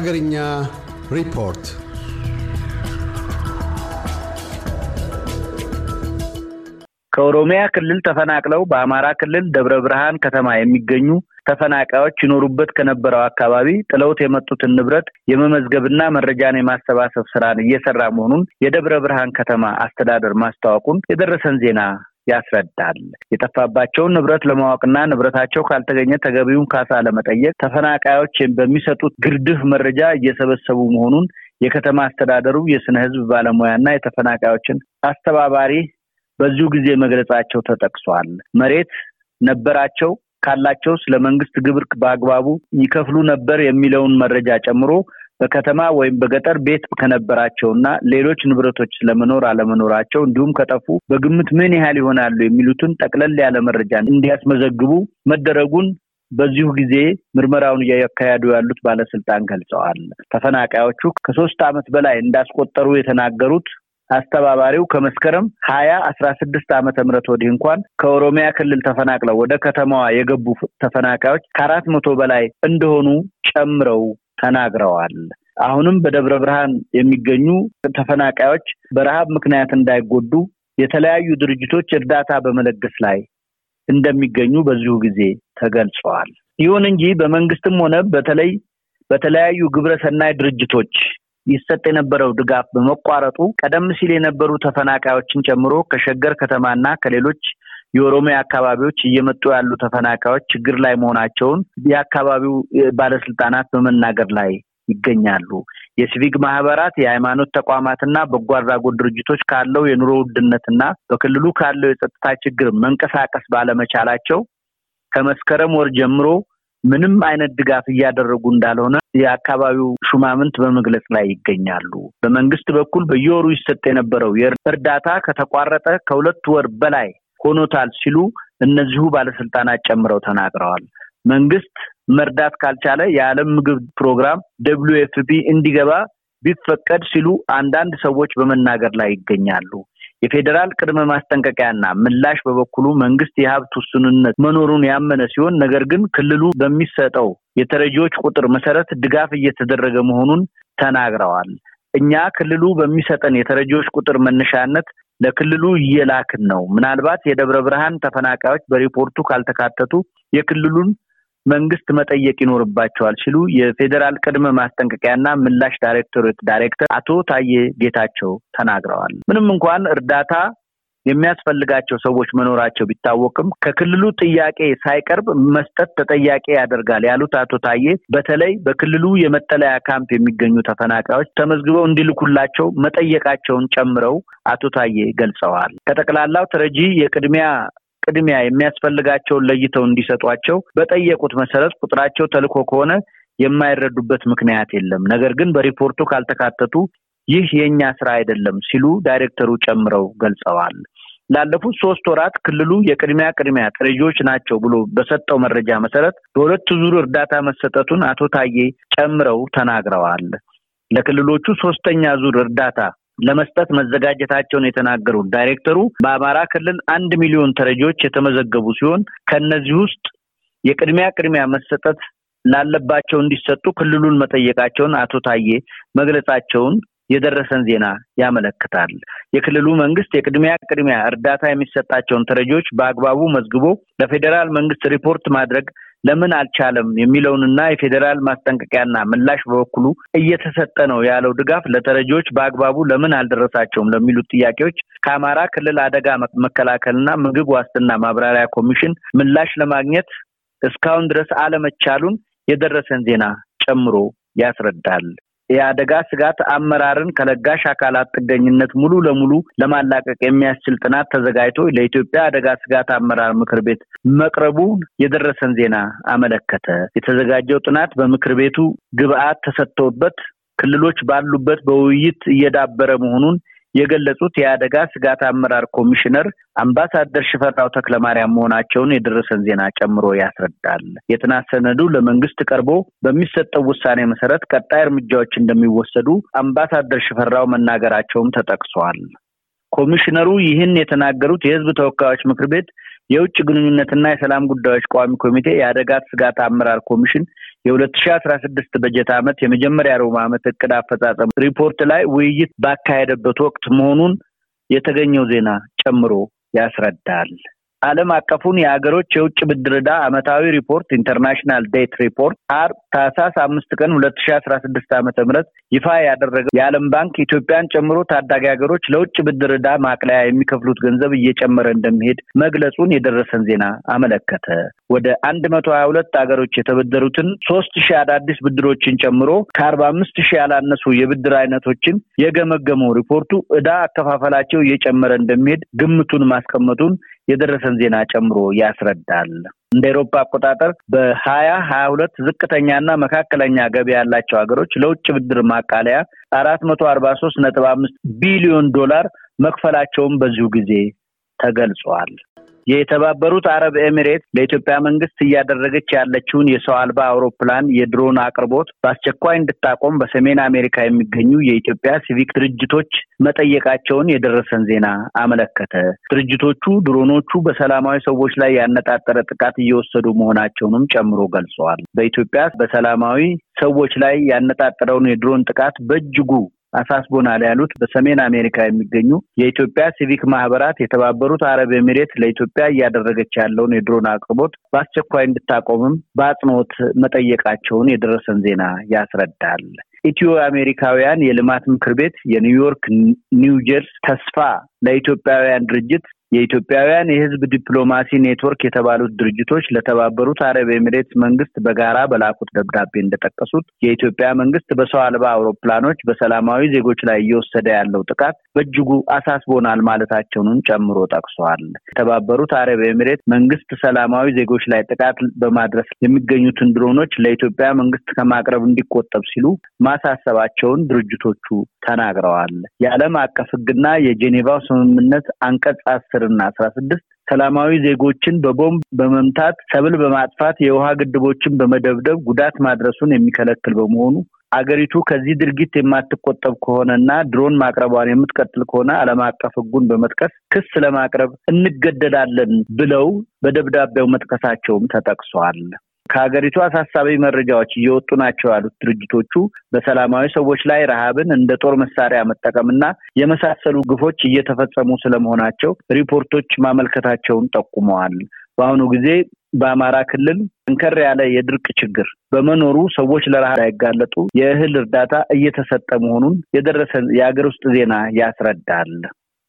ሀገርኛ ሪፖርት ከኦሮሚያ ክልል ተፈናቅለው በአማራ ክልል ደብረ ብርሃን ከተማ የሚገኙ ተፈናቃዮች ይኖሩበት ከነበረው አካባቢ ጥለውት የመጡትን ንብረት የመመዝገብና መረጃን የማሰባሰብ ስራን እየሰራ መሆኑን የደብረ ብርሃን ከተማ አስተዳደር ማስታወቁን የደረሰን ዜና ያስረዳል። የጠፋባቸውን ንብረት ለማወቅና ንብረታቸው ካልተገኘ ተገቢውን ካሳ ለመጠየቅ ተፈናቃዮች በሚሰጡት ግርድፍ መረጃ እየሰበሰቡ መሆኑን የከተማ አስተዳደሩ የስነ ህዝብ ባለሙያና የተፈናቃዮችን አስተባባሪ በዚሁ ጊዜ መግለጻቸው ተጠቅሷል። መሬት ነበራቸው ካላቸው ስለ መንግስት ግብር በአግባቡ ይከፍሉ ነበር የሚለውን መረጃ ጨምሮ በከተማ ወይም በገጠር ቤት እና ሌሎች ንብረቶች ለመኖር አለመኖራቸው እንዲሁም ከጠፉ በግምት ምን ያህል ይሆናሉ የሚሉትን ጠቅለል ያለ መረጃ እንዲያስመዘግቡ መደረጉን በዚሁ ጊዜ ምርመራውን እያካሄዱ ያሉት ባለስልጣን ገልጸዋል። ተፈናቃዮቹ ከሶስት ዓመት በላይ እንዳስቆጠሩ የተናገሩት አስተባባሪው ከመስከረም ሀያ አስራ ስድስት አመተ ምረት ወዲህ እንኳን ከኦሮሚያ ክልል ተፈናቅለው ወደ ከተማዋ የገቡ ተፈናቃዮች ከአራት መቶ በላይ እንደሆኑ ጨምረው ተናግረዋል። አሁንም በደብረ ብርሃን የሚገኙ ተፈናቃዮች በረሃብ ምክንያት እንዳይጎዱ የተለያዩ ድርጅቶች እርዳታ በመለገስ ላይ እንደሚገኙ በዚሁ ጊዜ ተገልጸዋል። ይሁን እንጂ በመንግስትም ሆነ በተለይ በተለያዩ ግብረ ሰናይ ድርጅቶች ይሰጥ የነበረው ድጋፍ በመቋረጡ ቀደም ሲል የነበሩ ተፈናቃዮችን ጨምሮ ከሸገር ከተማና ከሌሎች የኦሮሚያ አካባቢዎች እየመጡ ያሉ ተፈናቃዮች ችግር ላይ መሆናቸውን የአካባቢው ባለስልጣናት በመናገር ላይ ይገኛሉ። የሲቪክ ማህበራት፣ የሃይማኖት ተቋማትና በጎ አድራጎት ድርጅቶች ካለው የኑሮ ውድነትና በክልሉ ካለው የጸጥታ ችግር መንቀሳቀስ ባለመቻላቸው ከመስከረም ወር ጀምሮ ምንም አይነት ድጋፍ እያደረጉ እንዳልሆነ የአካባቢው ሹማምንት በመግለጽ ላይ ይገኛሉ። በመንግስት በኩል በየወሩ ይሰጥ የነበረው እርዳታ ከተቋረጠ ከሁለት ወር በላይ ሆኖታል ሲሉ እነዚሁ ባለስልጣናት ጨምረው ተናግረዋል። መንግስት መርዳት ካልቻለ የዓለም ምግብ ፕሮግራም ደብሊዩ ኤፍ ፒ እንዲገባ ቢፈቀድ ሲሉ አንዳንድ ሰዎች በመናገር ላይ ይገኛሉ። የፌዴራል ቅድመ ማስጠንቀቂያና ምላሽ በበኩሉ መንግስት የሀብት ውስንነት መኖሩን ያመነ ሲሆን ነገር ግን ክልሉ በሚሰጠው የተረጂዎች ቁጥር መሰረት ድጋፍ እየተደረገ መሆኑን ተናግረዋል። እኛ ክልሉ በሚሰጠን የተረጂዎች ቁጥር መነሻነት ለክልሉ እየላክን ነው። ምናልባት የደብረ ብርሃን ተፈናቃዮች በሪፖርቱ ካልተካተቱ የክልሉን መንግስት መጠየቅ ይኖርባቸዋል ሲሉ የፌዴራል ቅድመ ማስጠንቀቂያና ምላሽ ዳይሬክቶሬት ዳይሬክተር አቶ ታዬ ጌታቸው ተናግረዋል። ምንም እንኳን እርዳታ የሚያስፈልጋቸው ሰዎች መኖራቸው ቢታወቅም ከክልሉ ጥያቄ ሳይቀርብ መስጠት ተጠያቂ ያደርጋል ያሉት አቶ ታዬ በተለይ በክልሉ የመጠለያ ካምፕ የሚገኙ ተፈናቃዮች ተመዝግበው እንዲልኩላቸው መጠየቃቸውን ጨምረው አቶ ታዬ ገልጸዋል። ከጠቅላላው ተረጂ የቅድሚያ ቅድሚያ የሚያስፈልጋቸውን ለይተው እንዲሰጧቸው በጠየቁት መሰረት ቁጥራቸው ተልኮ ከሆነ የማይረዱበት ምክንያት የለም። ነገር ግን በሪፖርቱ ካልተካተቱ ይህ የእኛ ስራ አይደለም ሲሉ ዳይሬክተሩ ጨምረው ገልጸዋል። ላለፉት ሶስት ወራት ክልሉ የቅድሚያ ቅድሚያ ተረጂዎች ናቸው ብሎ በሰጠው መረጃ መሰረት በሁለት ዙር እርዳታ መሰጠቱን አቶ ታዬ ጨምረው ተናግረዋል። ለክልሎቹ ሶስተኛ ዙር እርዳታ ለመስጠት መዘጋጀታቸውን የተናገሩት ዳይሬክተሩ በአማራ ክልል አንድ ሚሊዮን ተረጂዎች የተመዘገቡ ሲሆን ከእነዚህ ውስጥ የቅድሚያ ቅድሚያ መሰጠት ላለባቸው እንዲሰጡ ክልሉን መጠየቃቸውን አቶ ታዬ መግለጻቸውን የደረሰን ዜና ያመለክታል። የክልሉ መንግስት የቅድሚያ ቅድሚያ እርዳታ የሚሰጣቸውን ተረጂዎች በአግባቡ መዝግቦ ለፌዴራል መንግስት ሪፖርት ማድረግ ለምን አልቻለም የሚለውንና የፌዴራል ማስጠንቀቂያና ምላሽ በበኩሉ እየተሰጠ ነው ያለው ድጋፍ ለተረጂዎች በአግባቡ ለምን አልደረሳቸውም ለሚሉት ጥያቄዎች ከአማራ ክልል አደጋ መከላከልና ምግብ ዋስትና ማብራሪያ ኮሚሽን ምላሽ ለማግኘት እስካሁን ድረስ አለመቻሉን የደረሰን ዜና ጨምሮ ያስረዳል። የአደጋ ስጋት አመራርን ከለጋሽ አካላት ጥገኝነት ሙሉ ለሙሉ ለማላቀቅ የሚያስችል ጥናት ተዘጋጅቶ ለኢትዮጵያ አደጋ ስጋት አመራር ምክር ቤት መቅረቡ የደረሰን ዜና አመለከተ። የተዘጋጀው ጥናት በምክር ቤቱ ግብአት ተሰጥቶበት ክልሎች ባሉበት በውይይት እየዳበረ መሆኑን የገለጹት የአደጋ ስጋት አመራር ኮሚሽነር አምባሳደር ሽፈራው ተክለማርያም መሆናቸውን የደረሰን ዜና ጨምሮ ያስረዳል። የጥናት ሰነዱ ለመንግስት ቀርቦ በሚሰጠው ውሳኔ መሰረት ቀጣይ እርምጃዎች እንደሚወሰዱ አምባሳደር ሽፈራው መናገራቸውም ተጠቅሷል። ኮሚሽነሩ ይህን የተናገሩት የህዝብ ተወካዮች ምክር ቤት የውጭ ግንኙነትና የሰላም ጉዳዮች ቋሚ ኮሚቴ የአደጋት ስጋት አመራር ኮሚሽን የሁለት ሺ አስራ ስድስት በጀት ዓመት የመጀመሪያ ሩብ ዓመት እቅድ አፈጻጸም ሪፖርት ላይ ውይይት ባካሄደበት ወቅት መሆኑን የተገኘው ዜና ጨምሮ ያስረዳል። ዓለም አቀፉን የሀገሮች የውጭ ብድር ዕዳ ዓመታዊ ሪፖርት ኢንተርናሽናል ዴት ሪፖርት አር ታህሳስ አምስት ቀን ሁለት ሺ አስራ ስድስት ዓመተ ምህረት ይፋ ያደረገው የዓለም ባንክ ኢትዮጵያን ጨምሮ ታዳጊ ሀገሮች ለውጭ ብድር ዕዳ ማቅለያ የሚከፍሉት ገንዘብ እየጨመረ እንደሚሄድ መግለጹን የደረሰን ዜና አመለከተ። ወደ አንድ መቶ ሀያ ሁለት ሀገሮች የተበደሩትን ሶስት ሺህ አዳዲስ ብድሮችን ጨምሮ ከአርባ አምስት ሺህ ያላነሱ የብድር አይነቶችን የገመገመው ሪፖርቱ ዕዳ አከፋፈላቸው እየጨመረ እንደሚሄድ ግምቱን ማስቀመጡን የደረሰን ዜና ጨምሮ ያስረዳል። እንደ ኤሮፓ አቆጣጠር በሀያ ሀያ ሁለት ዝቅተኛና መካከለኛ ገቢ ያላቸው ሀገሮች ለውጭ ብድር ማቃለያ አራት መቶ አርባ ሶስት ነጥብ አምስት ቢሊዮን ዶላር መክፈላቸውም በዚሁ ጊዜ ተገልጿል። የተባበሩት አረብ ኤሚሬት ለኢትዮጵያ መንግስት እያደረገች ያለችውን የሰው አልባ አውሮፕላን የድሮን አቅርቦት በአስቸኳይ እንድታቆም በሰሜን አሜሪካ የሚገኙ የኢትዮጵያ ሲቪክ ድርጅቶች መጠየቃቸውን የደረሰን ዜና አመለከተ። ድርጅቶቹ ድሮኖቹ በሰላማዊ ሰዎች ላይ ያነጣጠረ ጥቃት እየወሰዱ መሆናቸውንም ጨምሮ ገልጸዋል። በኢትዮጵያ በሰላማዊ ሰዎች ላይ ያነጣጠረውን የድሮን ጥቃት በእጅጉ አሳስቦናል ያሉት በሰሜን አሜሪካ የሚገኙ የኢትዮጵያ ሲቪክ ማህበራት የተባበሩት አረብ ኤሚሬት ለኢትዮጵያ እያደረገች ያለውን የድሮን አቅርቦት በአስቸኳይ እንድታቆምም በአጽንኦት መጠየቃቸውን የደረሰን ዜና ያስረዳል። ኢትዮ አሜሪካውያን የልማት ምክር ቤት የኒውዮርክ ኒውጀርስ ተስፋ ለኢትዮጵያውያን ድርጅት የኢትዮጵያውያን የሕዝብ ዲፕሎማሲ ኔትወርክ የተባሉት ድርጅቶች ለተባበሩት አረብ ኤሚሬትስ መንግስት በጋራ በላኩት ደብዳቤ እንደጠቀሱት የኢትዮጵያ መንግስት በሰው አልባ አውሮፕላኖች በሰላማዊ ዜጎች ላይ እየወሰደ ያለው ጥቃት በእጅጉ አሳስቦናል ማለታቸውንም ጨምሮ ጠቅሰዋል። የተባበሩት አረብ ኤሚሬት መንግስት ሰላማዊ ዜጎች ላይ ጥቃት በማድረስ የሚገኙትን ድሮኖች ለኢትዮጵያ መንግስት ከማቅረብ እንዲቆጠብ ሲሉ ማሳሰባቸውን ድርጅቶቹ ተናግረዋል። የዓለም አቀፍ ህግና የጄኔቫው ስምምነት አንቀጽ እና አስራ ስድስት ሰላማዊ ዜጎችን በቦምብ በመምታት ሰብል በማጥፋት የውሃ ግድቦችን በመደብደብ ጉዳት ማድረሱን የሚከለክል በመሆኑ አገሪቱ ከዚህ ድርጊት የማትቆጠብ ከሆነና ድሮን ማቅረቧን የምትቀጥል ከሆነ ዓለም አቀፍ ሕጉን በመጥቀስ ክስ ለማቅረብ እንገደዳለን ብለው በደብዳቤው መጥቀሳቸውም ተጠቅሷል። ከሀገሪቱ አሳሳቢ መረጃዎች እየወጡ ናቸው ያሉት ድርጅቶቹ በሰላማዊ ሰዎች ላይ ረሃብን እንደ ጦር መሳሪያ መጠቀምና የመሳሰሉ ግፎች እየተፈጸሙ ስለመሆናቸው ሪፖርቶች ማመልከታቸውን ጠቁመዋል። በአሁኑ ጊዜ በአማራ ክልል ጠንከር ያለ የድርቅ ችግር በመኖሩ ሰዎች ለረሃብ እንዳይጋለጡ የእህል እርዳታ እየተሰጠ መሆኑን የደረሰን የሀገር ውስጥ ዜና ያስረዳል።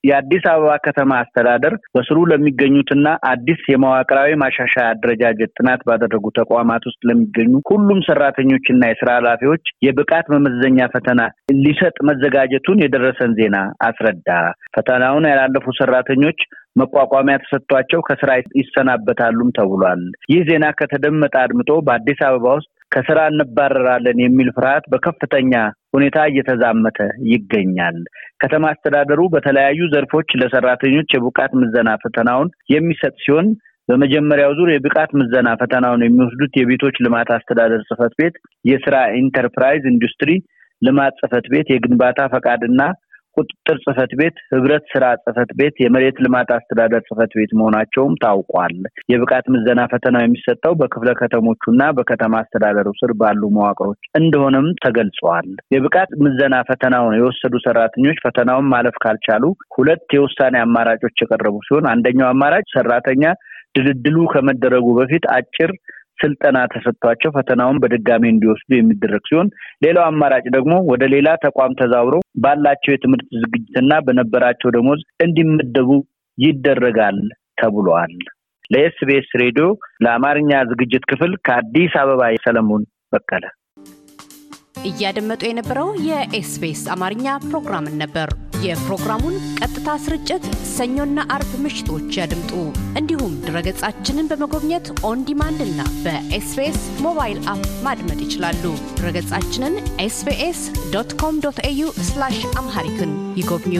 የአዲስ አበባ ከተማ አስተዳደር በስሩ ለሚገኙትና አዲስ የመዋቅራዊ ማሻሻያ አደረጃጀት ጥናት ባደረጉ ተቋማት ውስጥ ለሚገኙ ሁሉም ሰራተኞችና የስራ ኃላፊዎች የብቃት መመዘኛ ፈተና ሊሰጥ መዘጋጀቱን የደረሰን ዜና አስረዳ። ፈተናውን ያላለፉ ሰራተኞች መቋቋሚያ ተሰጥቷቸው ከስራ ይሰናበታሉም ተብሏል። ይህ ዜና ከተደመጠ አድምጦ በአዲስ አበባ ውስጥ ከስራ እንባረራለን የሚል ፍርሃት በከፍተኛ ሁኔታ እየተዛመተ ይገኛል። ከተማ አስተዳደሩ በተለያዩ ዘርፎች ለሰራተኞች የብቃት ምዘና ፈተናውን የሚሰጥ ሲሆን በመጀመሪያው ዙር የብቃት ምዘና ፈተናውን የሚወስዱት የቤቶች ልማት አስተዳደር ጽፈት ቤት፣ የስራ ኢንተርፕራይዝ ኢንዱስትሪ ልማት ጽህፈት ቤት፣ የግንባታ ፈቃድና ቁጥጥር ጽህፈት ቤት፣ ህብረት ስራ ጽህፈት ቤት፣ የመሬት ልማት አስተዳደር ጽህፈት ቤት መሆናቸውም ታውቋል። የብቃት ምዘና ፈተናው የሚሰጠው በክፍለ ከተሞቹና በከተማ አስተዳደሩ ስር ባሉ መዋቅሮች እንደሆነም ተገልጿል። የብቃት ምዘና ፈተናውን የወሰዱ ሰራተኞች ፈተናውን ማለፍ ካልቻሉ ሁለት የውሳኔ አማራጮች የቀረቡ ሲሆን አንደኛው አማራጭ ሰራተኛ ድልድሉ ከመደረጉ በፊት አጭር ስልጠና ተሰጥቷቸው ፈተናውን በድጋሚ እንዲወስዱ የሚደረግ ሲሆን ሌላው አማራጭ ደግሞ ወደ ሌላ ተቋም ተዛውሮ ባላቸው የትምህርት ዝግጅትና በነበራቸው ደሞዝ እንዲመደቡ ይደረጋል ተብሏል። ለኤስቢኤስ ሬዲዮ ለአማርኛ ዝግጅት ክፍል ከአዲስ አበባ ሰለሞን በቀለ። እያደመጡ የነበረው የኤስቢኤስ አማርኛ ፕሮግራምን ነበር። የፕሮግራሙን ቀጥታ ስርጭት ሰኞና አርብ ምሽቶች ያድምጡ። እንዲሁም ድረገጻችንን በመጎብኘት ኦንዲማንድ እና በኤስቤስ ሞባይል አፕ ማድመጥ ይችላሉ። ድረገጻችንን ኤስቤስ ዶት ኮም ዶት ኤዩ አምሃሪክን ይጎብኙ።